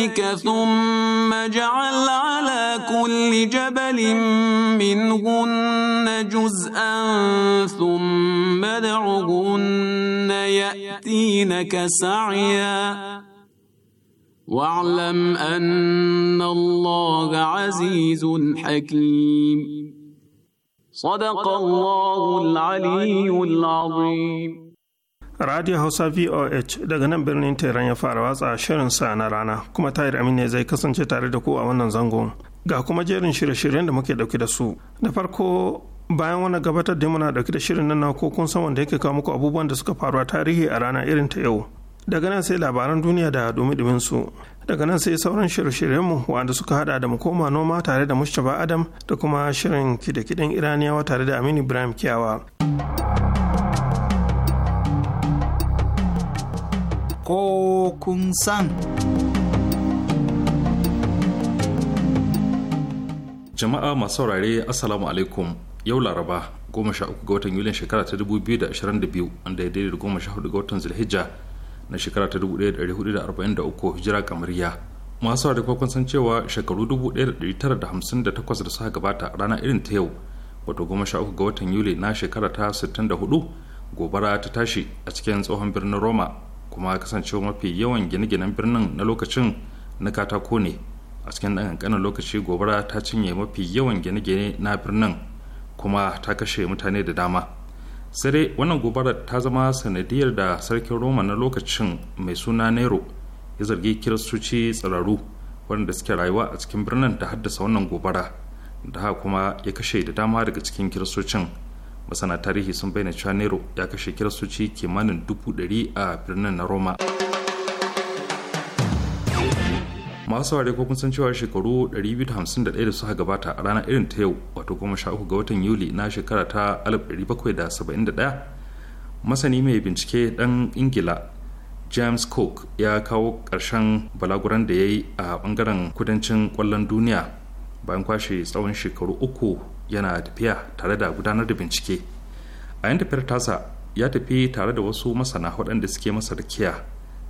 ذلك ثم جعل على كل جبل منهن جزءا ثم دعهن يأتينك سعيا واعلم أن الله عزيز حكيم صدق الله العلي العظيم radio hausa voh daga nan birnin Tehran ya fara watsa shirinsa na rana kuma tahir amina zai kasance tare da ku a wannan zangon ga kuma jerin shirye-shiryen da muke dauke da su da farko bayan wani gabatar da muna dauke da shirin nan ko kun san wanda yake kawo muku abubuwan da suka faru a tarihi a rana irin ta yau daga nan sai labaran duniya da dumi su daga nan sai sauran shirye shiryen mu wanda suka hada da mu koma noma tare da mustapha adam da kuma shirin kide-kiden iraniyawa tare da aminu ibrahim kiyawa ko kun san. Jama'a masu saurare Assalamu alaikum yau Laraba goma sha uku ga watan Yulin shekara ta dubu biyu da ashirin da biyu wanda ya daidai da goma sha hudu ga watan Zulhijja na shekara ta dubu ɗaya da ɗari hudu da arba'in da uku hijira kamariya. Masu saurare kuma kun san cewa shekaru dubu ɗaya da ɗari tara da hamsin da takwas da suka gabata rana irin ta yau wato goma sha uku ga watan Yuli na shekara ta sittin da hudu gobara ta tashi a cikin tsohon birnin Roma kuma kasancewa mafi yawan gine-ginen birnin na lokacin na katako ne a cikin ɗan ƙanƙanin lokaci gobara ta cinye mafi yawan gine-gine na birnin kuma ta kashe mutane da dama sai dai wannan gobarar ta zama sanadiyar da sarkin roma na lokacin mai suna nero ya zargi kiristoci tsararru waɗanda suke rayuwa a cikin birnin da haddasa wannan gobara da haka kuma ya kashe da dama daga cikin kiristocin masana tarihi sun bayyana cewa nero ya kashe kiristoci kimanin dubu ɗari a birnin na roma masu saurare ko kun san cewa shekaru 251 da suka gabata a ranar irin ta yau wato goma sha uku ga watan yuli na shekara ta 1771 masani mai bincike dan ingila james cook ya kawo ƙarshen balaguran da ya yi a bangaren kudancin kwallon duniya bayan kwashe tsawon shekaru uku yana tafiya tare da gudanar da bincike a yan tafiyar tasa ya tafi tare da wasu masana waɗanda suke masa kiya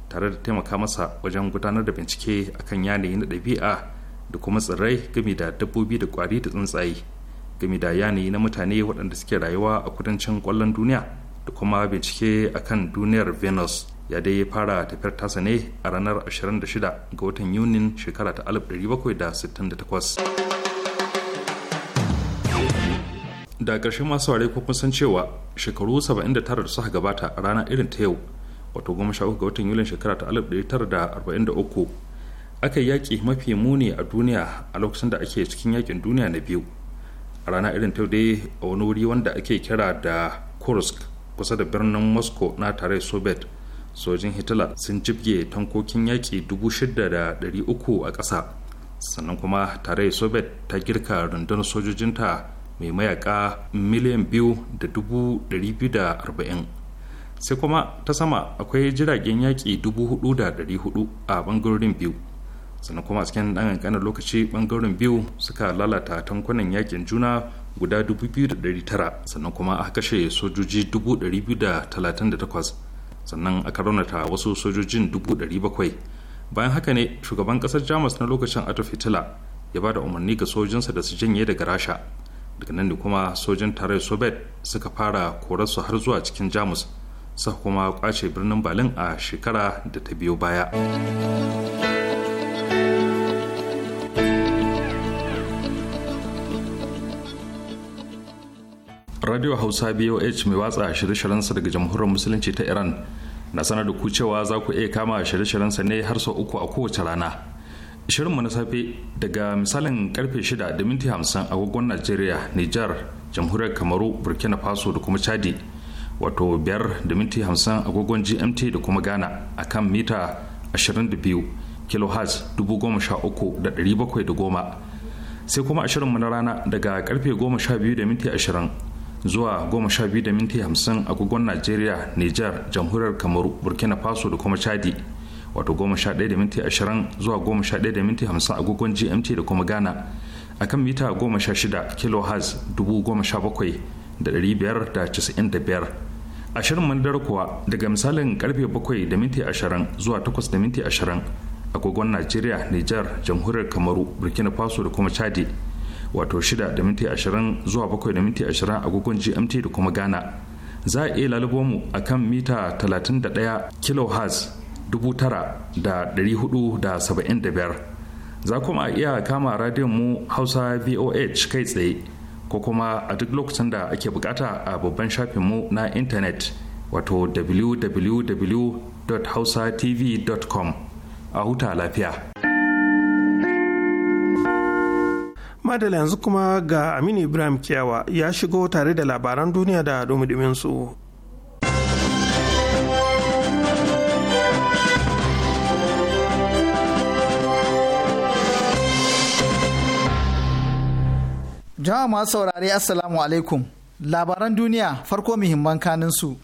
tare da taimaka masa wajen gudanar da bincike akan yanayi na ɗabi'a da kuma tsirrai gami da dabbobi da ƙwari da tsuntsaye gami da yanayi na mutane waɗanda suke rayuwa a kudancin ƙwallon duniya da kuma bincike akan duniyar venus ya dai ya fara tafiyar tasa ne a ranar 26 ga watan yunin shekara ta 1768 da ƙarshe masu ware ko kun san cewa shekaru 79 da suka gabata a ranar irin ta yau wato 13 ga watan yulin shekara ta 1943 aka yi yaƙi mafi muni a duniya a lokacin da ake cikin yaƙin duniya na biyu a rana irin ta dai a wani wuri wanda ake kira da kursk kusa da birnin moscow na tare soviet sojin hitler sun jibge tankokin yaƙi 6,300 a ƙasa sannan kuma tare soviet ta girka rundunar sojojinta mai mayaka miliyan biyu da dubu ɗari biyu da arba'in sai kuma ta sama akwai jiragen yaƙi dubu hudu da ɗari hudu a ɓangarorin biyu sannan kuma cikin ɗan ƙanƙanin lokaci ɓangarorin biyu suka lalata tankunan yaƙin juna guda dubu biyu da ɗari tara sannan kuma a kashe sojoji dubu ɗari biyu da talatin da takwas sannan aka raunata wasu sojojin dubu ɗari bakwai bayan haka ne shugaban ƙasar jamus na lokacin adolf hitler ya ba da umarni ga sojinsa da su janye daga rasha daga nan ne kuma sojin tarayyar soviet suka fara korarsu har zuwa cikin jamus suka kuma kwace birnin berlin a shekara da ta biyo baya radio hausa boh mai watsa shirye-shiryensa daga jamhuriyar musulunci ta iran na sanar da ku cewa za ku iya kama shirye sa ne har sau uku a kowace rana shirinmu na safe daga misalin karfe 6.50 agogon najeriya nijar jamhuriyar kamaru burkina faso da kuma chadi wato 5.50 agogon gmt da kuma ghana a kan mita 22 kilohertz 13710 sai kuma ashirinmu na rana daga karfe 12.20 zuwa 12.50 agogon najeriya nijar jamhuriyar kamaru burkina faso da kuma chadi wato 11:20 zuwa 11:50 agogon gmt da kuma ghana a kan mita 16 kilohertz 17,595 ashirin manadar kuwa daga misalin karfe bakwai da minti ashirin zuwa takwas da minti ashirin agogon nigeria niger jamhuriyar kamaru burkina faso da kuma chadi wato shida da minti ashirin zuwa bakwai da minti ashirin agogon gmt da kuma ghana za a iya lalubo mu a kan mita 31 kilohertz biyar za kuma iya kama radiyon mu hausa voh kai tsaye ko kuma a duk lokacin da ake bukata a babban shafinmu na intanet wato www.hausatv.com a huta lafiya madala yanzu kuma ga aminu ibrahim kiyawa ya shigo tare da labaran duniya da dumi su Jama'a masu saurare Assalamu alaikum. Labaran duniya farko muhimman kanin su.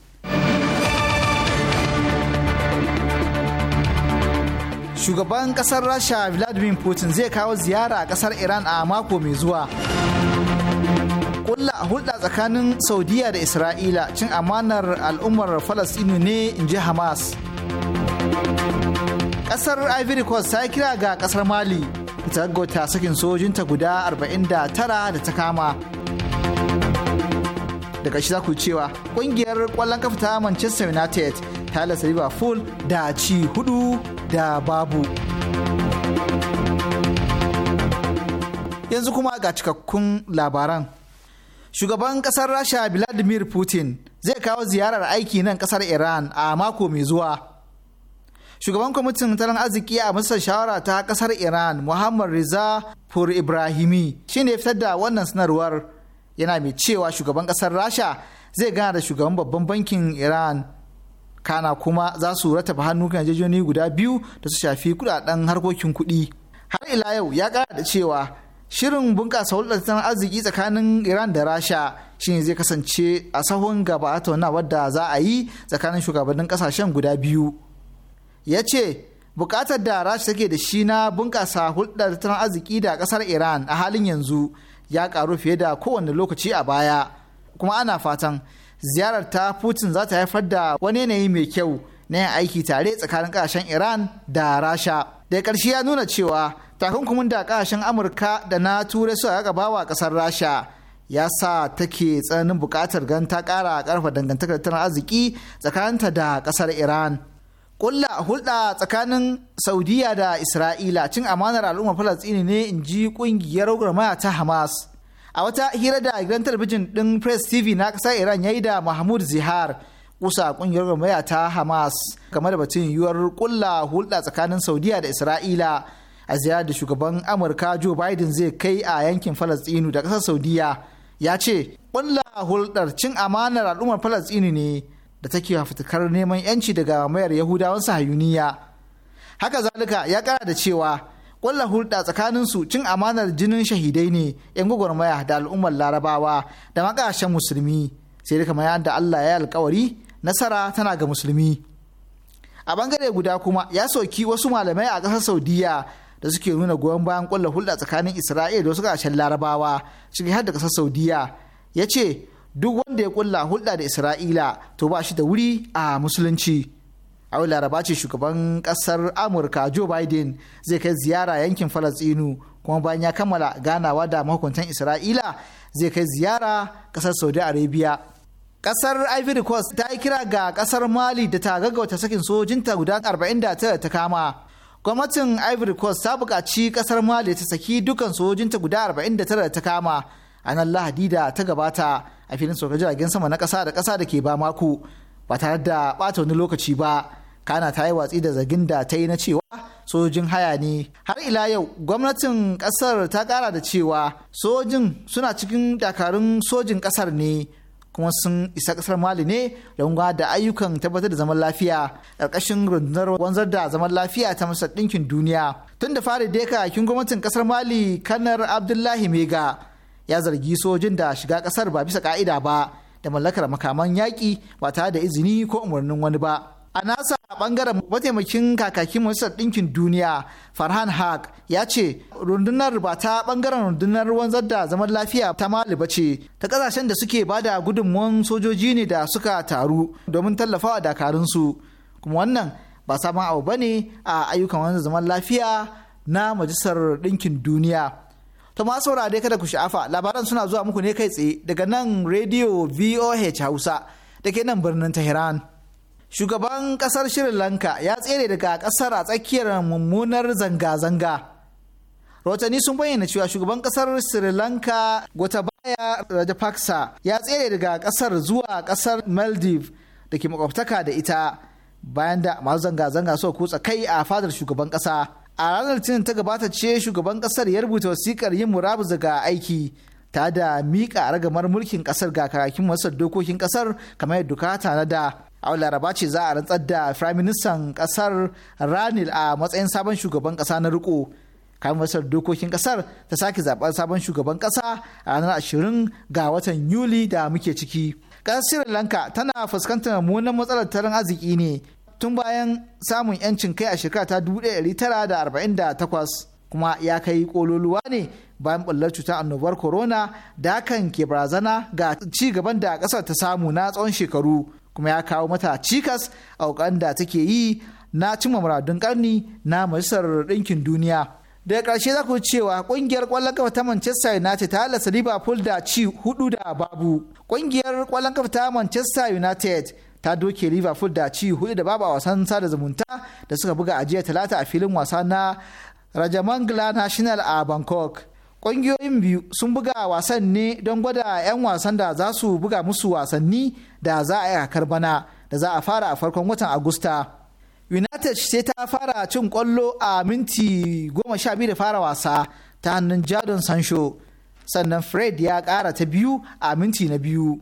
Shugaban kasar Rasha Vladimir Putin zai kawo ziyara a kasar Iran a mako mai zuwa. Kulla hulɗa tsakanin Saudiya da Isra'ila cin amanar al'ummar Falasɗinu ne in ji Hamas. Kasar Ivory Coast ta kira ga kasar Mali ta gaggauta sakin sojinta guda 49 da ta kama daga shi za ku cewa kungiyar kwallon kafa ta manchester united ta halasta liverpool da ci hudu da babu yanzu kuma ga cikakkun labaran shugaban kasar rasha vladimir putin zai kawo ziyarar aiki nan kasar iran a mako mai zuwa shugaban kwamitin tattalin arziki a masar shawara ta kasar iran muhammad riza pur ibrahimi shine ya fitar da wannan sanarwar yana mai cewa shugaban kasar rasha zai gana da shugaban babban bankin iran kana kuma za su rataba hannu kan guda biyu da su shafi kudaden harkokin kuɗi har ila yau ya kara da cewa shirin bunkasa hulɗar tattalin arziki tsakanin iran da rasha shine zai kasance a sahun gaba tattaunawar wadda za a yi tsakanin shugabannin kasashen guda biyu ya ce bukatar da rasha take da shi na bunkasa hulɗar tattalin arziki da ƙasar iran a halin yanzu ya ƙaru fiye da kowane lokaci a baya kuma ana fatan ziyarar ta putin za ta haifar da wani yanayi mai kyau na yin aiki tare tsakanin ƙasashen iran da rasha da ƙarshe ya nuna cewa takunkumin da ƙasashen amurka da na turai suka gaba wa ƙasar rasha ya sa take tsananin bukatar gan ta ƙara ƙarfa dangantakar tattalin arziki tsakaninta da ƙasar iran kulla hulɗa tsakanin saudiya da isra'ila cin amanar al'ummar falastini ne in ji ƙungiyar gwamnati ta hamas a wata hira da gidan talabijin ɗin press tv na ƙasar iran ya yi da mahmud zihar kusa ƙungiyar gwamnati ta hamas game da batun yiwuwar kulla hulɗa tsakanin saudiya da isra'ila a ziyarar da shugaban amurka joe biden zai kai a yankin falastinu da ƙasar saudiya ya ce kulla hulɗar cin amanar al'ummar falastini ne da take fitakar neman yanci daga mayar yahudawan sahayuniya haka zalika ya kara da cewa kulla hulɗa tsakanin su cin amanar jinin shahidai ne yan gwagwarmaya da al'ummar larabawa da makashen musulmi sai duka mayan da allah ya alkawari nasara tana ga musulmi a bangare guda kuma ya soki wasu malamai a ƙasar saudiya da suke nuna goyon bayan kulla hulɗa tsakanin isra'ila da wasu ƙasashen larabawa ciki har da ƙasar saudiya ya ce duk wanda ya kulla hulɗa da isra'ila to ba shi da wuri a musulunci a wani laraba ce shugaban ƙasar amurka joe biden zai kai ziyara yankin falastinu kuma bayan ya kammala ganawa da mahukuntan isra'ila zai kai ziyara ƙasar saudi arabia ƙasar ivory coast ta yi kira ga ƙasar mali da ta gaggauta sakin sojinta guda 49 ta kama gwamnatin ivory coast ta buƙaci ƙasar mali ta saki dukan sojinta guda 49 ta kama ranar lahadi da ta gabata a filin sauka jiragen sama na ƙasa da ƙasa da ke ba maku ba tare da bata wani lokaci ba kana ta yi watsi da zargin da ta yi na cewa sojojin haya ne har ila yau gwamnatin ƙasar ta ƙara da cewa sojin suna cikin dakarun sojin kasar ne kuma sun isa kasar mali ne don da ayyukan tabbatar da zaman lafiya ƙarƙashin rundunar wanzar da zaman lafiya ta masar ɗinkin duniya tun da fari dai kin gwamnatin ƙasar mali kanar abdullahi mega ya zargi sojin da shiga kasar ba bisa ka'ida ba da mallakar makaman yaƙi ba tare da izini ko umarnin wani ba. A nasa bangaren mataimakin kakakin majalisar ɗinkin duniya Farhan Haq ya ce rundunar ba ta bangaren rundunar wanzar da zaman lafiya ta ba ce ta ƙasashen da suke ba da gudunmuwan sojoji ne da suka taru domin tallafawa dakarunsu kuma wannan ba sabon abu ba ne a ayyukan wanzar zaman lafiya na majalisar ɗinkin duniya. To ma saurare kada ku sha'afa labaran suna zuwa muku ne kai tsaye daga nan Radio VOH Hausa da ke nan birnin Tehran. Shugaban kasar Sri Lanka ya tsere daga kasar a tsakiyar mummunar zanga-zanga. rotani sun bayyana cewa shugaban kasar Sri Lanka Gotabaya Rajapaksa ya tsere daga kasar zuwa kasar Maldives da ke makwabtaka da ita bayan da masu zanga-zanga suka kutsa kai a fadar shugaban kasa. a ranar litinin ta gabata ce shugaban kasar ya rubuta wasikar yin murabus ga aiki ta da miƙa ragamar mulkin kasar ga karakin masar dokokin kasar kamar yadda na da a laraba ce za a rantsar da firaministan kasar ranil a matsayin sabon shugaban kasa na riko kamar masar dokokin kasar ta sake zaɓar sabon shugaban kasa a ranar ashirin ga watan yuli da muke ciki ƙasar sri lanka tana fuskantar mummunan matsalar tattalin arziki ne tun bayan samun 'yancin kai a shekara ta 1948 kuma ya kai kololuwa ne bayan ɓullar cutar annobar corona da hakan ke barazana ga ci gaban da ƙasar ta samu na tsawon shekaru kuma ya kawo mata cikas a ƙoƙarin da take yi na cimma muradun ƙarni na majalisar ɗinkin duniya daga ƙarshe za ku cewa ƙungiyar ƙwallon kafa ta Manchester United ta halasta Liverpool da ci hudu da babu. Ƙungiyar ƙwallon kafa ta Manchester United ta doke liverpool da ci hudu da babu a wasan sada zumunta da suka buga a talata a filin wasa na rajamangla national a bangkok ƙungiyoyin biyu sun buga wasan ne don gwada 'yan wasan da za su buga musu wasanni da za a yi a bana da za a fara a farkon watan agusta united sai ta fara cin kwallo a minti goma sha biyu da fara wasa ta hannun jadon sancho sannan fred ya ƙara ta biyu a minti na biyu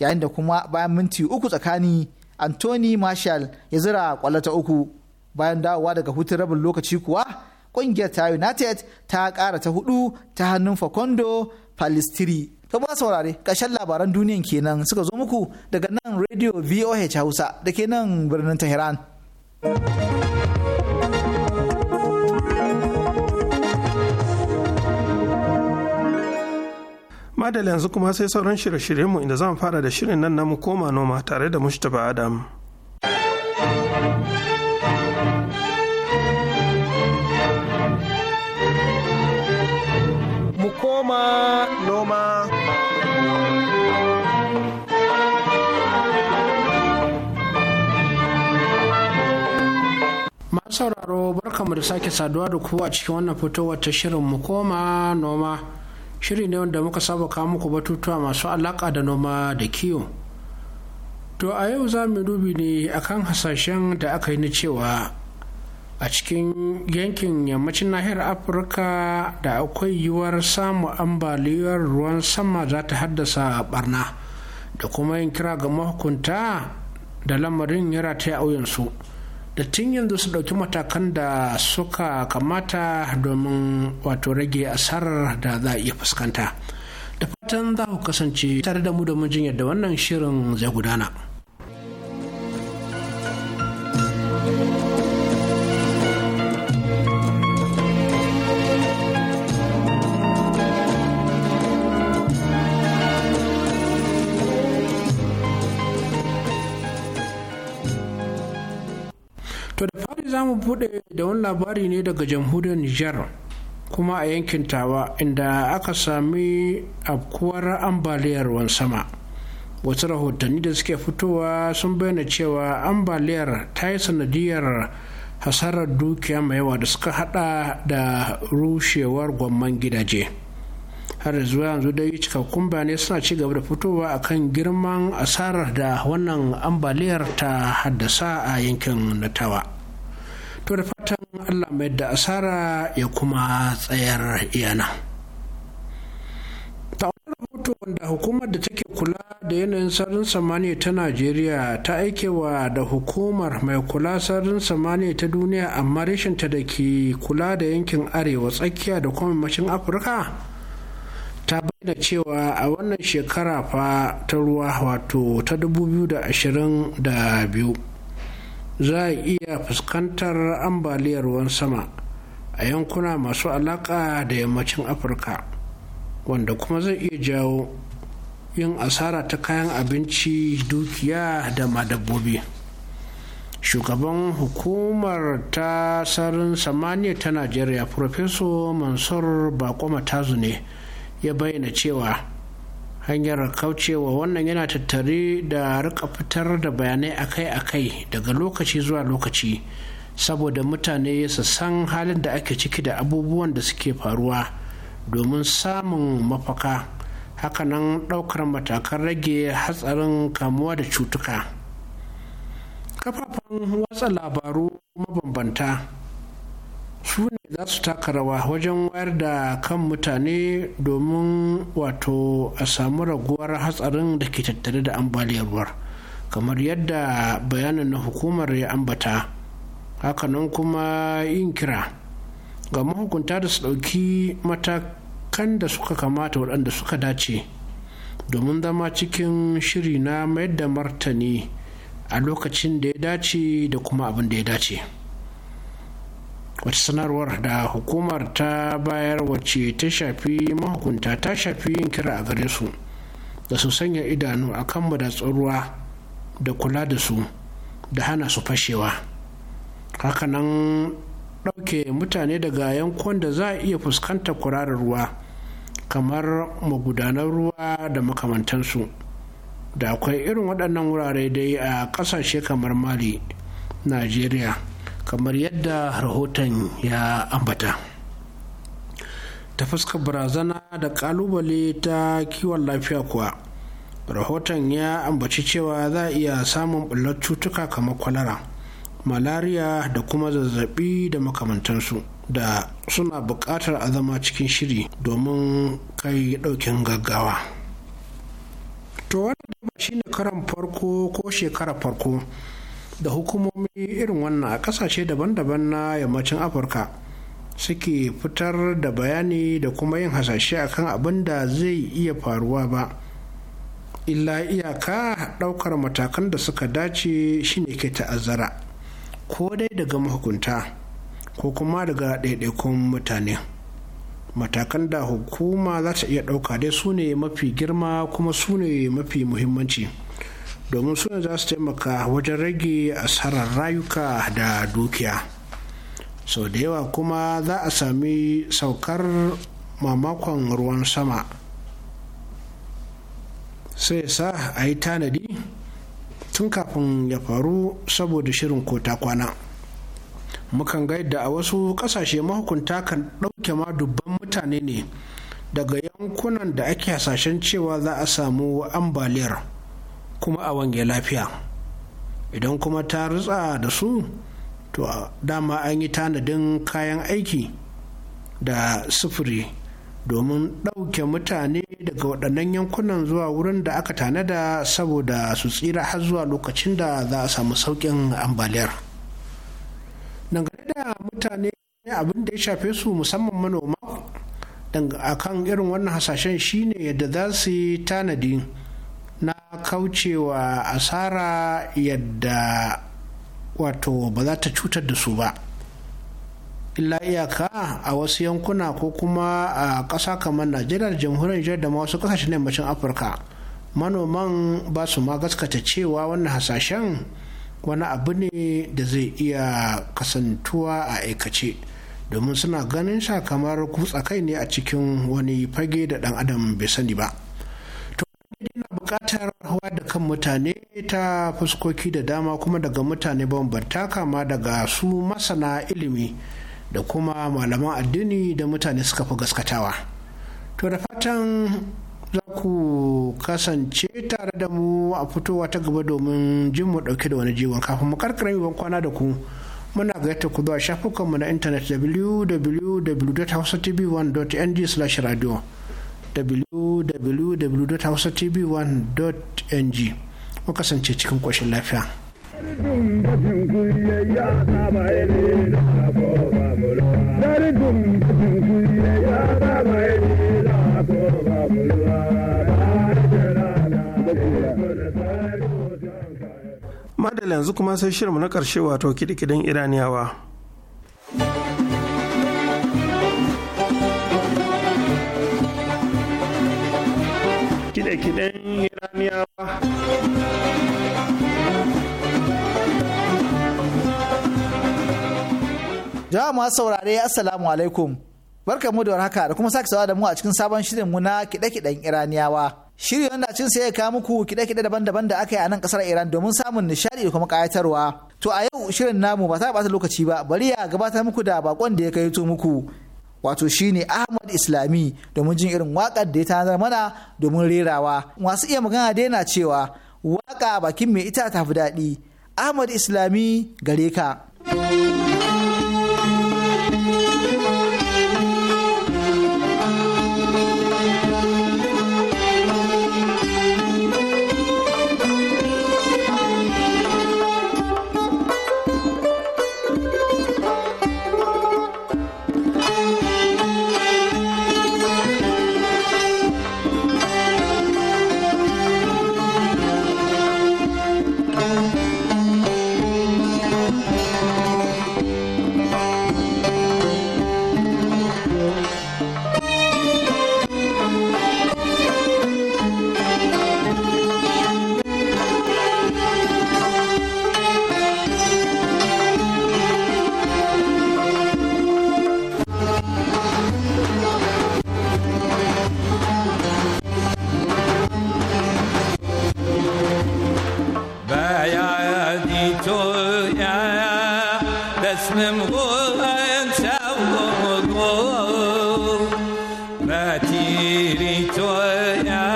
yayin da kuma bayan minti uku tsakani anthony marshall ya zira kwallo ta uku bayan dawowa daga hutun rabin lokaci kuwa kungiyar ta united ta kara ta hudu ta hannun facondo palistiri to ba saurare ƙarshen labaran duniyan kenan suka zo muku daga nan radio voh hausa da ke nan birnin tehran. madala yanzu kuma sai sauran shirye-shiryenmu inda zan fara da shirin nan namu koma noma tare da mustapha adam mu koma noma sauraro barkamu da sake saduwa da kowa a cikin wannan fito wata shirin mu koma noma shiri ne wanda muka saba kawo muku batutuwa masu alaƙa da noma da kiwo to a yau za mu dubi ne akan hasashen da aka yi na cewa a cikin yankin yammacin nahiyar afirka da akwai yiwuwar samun ambaliyar ruwan sama za ta haddasa barna da kuma yin kira ga mahukunta da lamarin ya rataya auyensu. su da tun yanzu su ɗauki matakan da suka kamata domin wato rage asarar da za a iya fuskanta da fatan za ku kasance tare da mu domin jin yadda wannan shirin zai gudana. buɗe da wani labari ne daga jamhuriyar Nijar kuma a yankin tawa inda aka sami afkuwar ambaliyar ruwan sama. Wasu rahotanni da suke fitowa sun bayyana cewa ambaliyar ta yi sanadiyar hasarar dukiya mai yawa da suka hada da rushewar gwamman gidaje. har zuwa yanzu dai cikakkun bayanai suna ci gaba da fitowa akan girman asarar da wannan ambaliyar ta haddasa a yankin natawa to da fatan allah mai da asara ya kuma tsayar iyana ta wani rahoto wanda hukumar da take kula da yanayin sararin samaniya ta najeriya ta aikewa da hukumar mai kula sararin samaniya ta duniya amma rashinta da ke kula da yankin arewa tsakiya da kuma afirka ta bayyana cewa a wannan shekara fa ta ruwa wato ta 2022 za a iya fuskantar ambaliyar ruwan sama a yankuna masu alaƙa da yammacin afirka wanda kuma zai iya jawo yin asara ta kayan abinci dukiya da madabbobi shugaban hukumar ta sarin samaniya ta najeriya professor mansur bakoma tazu ne ya bayyana cewa hanyar kaucewa wannan yana tattare da rika fitar da bayanai akai-akai daga lokaci zuwa lokaci saboda mutane su san halin da ake ciki da abubuwan da suke faruwa domin samun mafaka hakanan ɗaukar matakan rage hatsarin kamuwa da cutuka kafafen watsa labaru mabambanta su ne za su taka rawa wajen wayar da kan mutane domin wato a samu raguwar hatsarin da ke tattare da ambaliyar ruwa kamar yadda bayanin na hukumar ya ambata hakanan kuma yin kira ga mahukunta da su ɗauki matakan da suka kamata waɗanda suka dace domin zama cikin shiri na mayar da martani a lokacin da ya dace da kuma abin da ya dace. wata sanarwar da hukumar ta bayar wacce ta shafi mahukunta ta shafi yin kira a gare su da su sanya idanu a kan madatsun ruwa da kula da su da hana su fashewa hakanan ɗauke mutane daga yankon da za a iya fuskanta kurarar ruwa kamar magudanar ruwa da makamantansu da akwai irin waɗannan wurare dai a ƙasashe kamar mali najeriya kamar yadda rahoton ya ambata ta fuskar barazana da kalubale ta kiwon lafiya kuwa rahoton ya ambaci cewa za a iya samun ɓullar cutuka kamar kwalara malariya da kuma zazzabi da makamantansu da suna buƙatar a zama cikin shiri domin kai ɗaukin gaggawa to wannan shi ne karan farko ko shekara farko da hukumomi irin wannan a kasashe daban-daban na yammacin afirka suke fitar da bayani da kuma yin hasashe a kan abin da zai iya faruwa ba illa iyaka ɗaukar matakan da suka dace shine ke ta'azzara ko dai daga mahukunta ko kuma daga ɗaiɗaikun mutane matakan da hukuma za ta iya ɗauka dai su ne mafi girma kuma su ne mafi muhimmanci. domin suna za su taimaka wajen rage asarar rayuka da dukiya sau da yawa kuma za a sami saukar mamakon ruwan sama sai sa a yi tanadi tun kafin ya faru saboda shirin kota kwana mukan gaida a wasu kasashe mahukunta kan ɗauke ma dubban mutane ne daga yankunan da ake hasashen cewa za a samu ambaliyar kuma a wange lafiya idan kuma ta rutsa da su to dama an yi tanadin kayan aiki da sufuri domin ɗauke mutane daga waɗannan yankunan zuwa wurin da aka tanada saboda su tsira har zuwa lokacin da za a samu sauƙin ambaliyar dangane da mutane abin da ya shafe su musamman manoma a kan irin wannan hasashen shine yadda za su yi tanadi kaucewa asara yadda wato ba za ta cutar da su ba illa iyaka a wasu yankuna ko kuma a ƙasa kamar najeriya da jamhuriyar nijar da wasu ƙasashen yammacin afirka manoman ba su ma gaskata cewa wannan hasashen wani abu ne da zai iya kasantuwa a aikace domin suna ganin sa kamar kutsa kai ne a cikin wani fage da dan adam bai sani ba. buƙatar hawa da kan mutane ta fuskoki da dama kuma daga mutane bambanta kama daga su masana ilimi da kuma malaman addini da mutane suka fi gaskatawa to da fatan za ku kasance tare da mu a fitowa ta gaba domin jin mu ɗauke da wani jiwon kafin mu karkara yi kwana da ku muna gayyata ku zuwa shafukanmu na intanet www.hausatv1.ng/radio www.hausatv1.ng ko kasance cikin ƙoshin lafiya. Dari madalla yanzu kuma sai shirinmu na ƙarshe wato kiɗe-kiɗen iraniyawa kiɗe-kiɗen iraniyawa jama'a masu saurare assalamu alaikum barka mu da warhaka da kuma sake sawa da mu a cikin sabon shirin mu na kiɗe-kiɗen iraniyawa shiri wanda cin sai ya kawo muku kiɗe-kiɗe daban-daban da aka yi a nan kasar iran domin samun nishadi da kuma kayatarwa, to a yau shirin namu ba ta bata lokaci ba bari ya gabatar muku da bakon da ya kai muku wato shine Ahmad Islami domin jin irin waƙar da ya tanadar mana domin rerawa. Masu iya magana da yana cewa waƙa bakin mai ita tafi daɗi. Ahmad Islami gare ka. Yeah.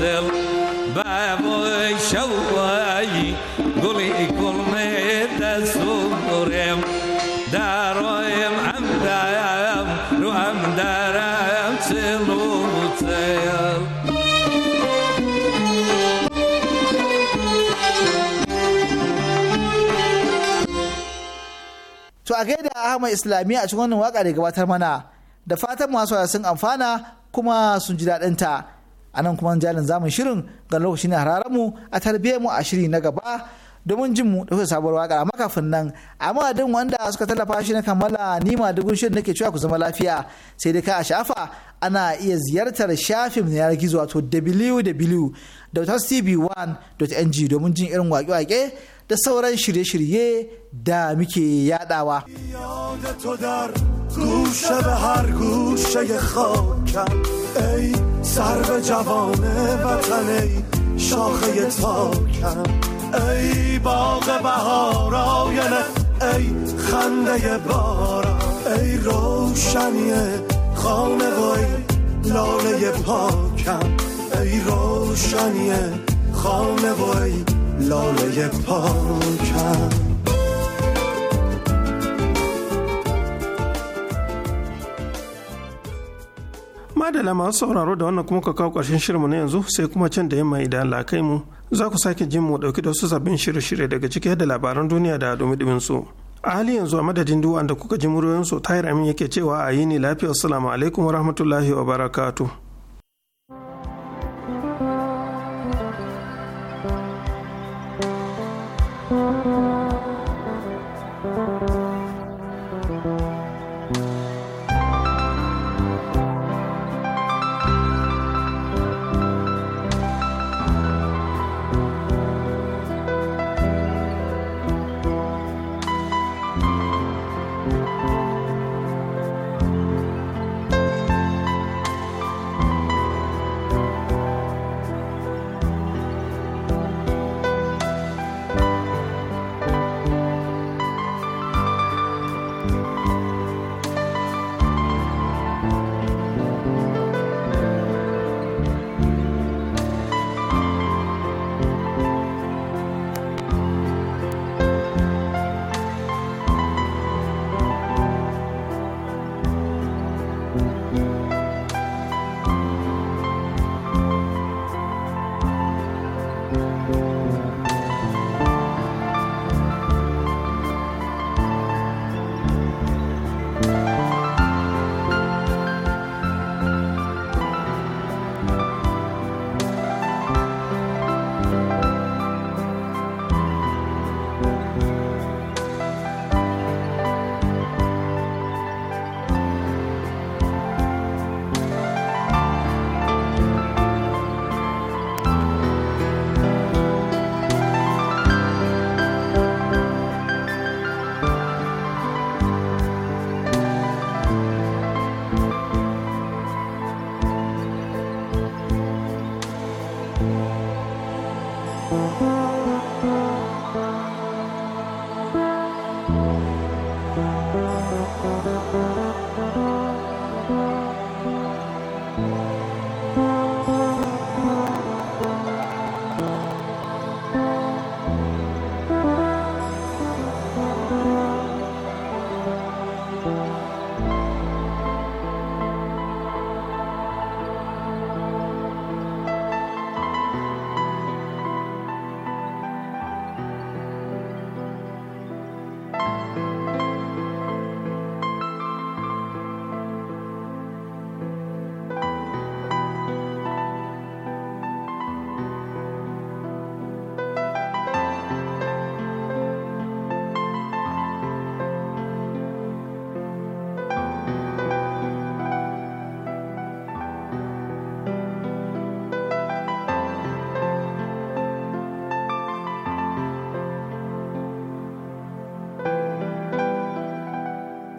غزل بابای شوایی گلی کل می دستورم درایم عمدم رو هم دارم سلو To a gaida Ahmad Islamiyya a cikin wannan waka da gabatar mana da fatan masu sun amfana kuma sun ji daɗinta. a nan kuma jalin zamun shirin ga lokaci na hararen mu a tarbiyyar mu a shiri na gaba domin jin mu kusa sabuwar waka amma kafin nan a din wanda suka tallafa shi na kammala nima dubu shirin nake cewa ku zama lafiya sai dai ka a shafa ana iya ziyartar shafin na yanar gizo wato www.tv1.ng domin jin irin wake-wake da sauran shirye-shirye da muke yadawa. ای سر جوان وطن ای شاخه تاکم ای باغ بهار آینه ای خنده بارا ای روشنی خانه و ای لاله پاکم ای روشنی خانه و ای لاله پاکم madala masu sauraro da wannan kuma ka kawo ƙarshen shirinmu na yanzu sai kuma can da yamma idan Allah kai mu za ku sake jin mu dauki da wasu sabbin shirye-shirye daga ciki da labaran duniya da dumi su. A hali yanzu a madadin duwan da kuka ji muryoyin su tayar amin yake cewa a yi ni lafiya assalamu alaikum wa rahmatullahi wa barakatuh.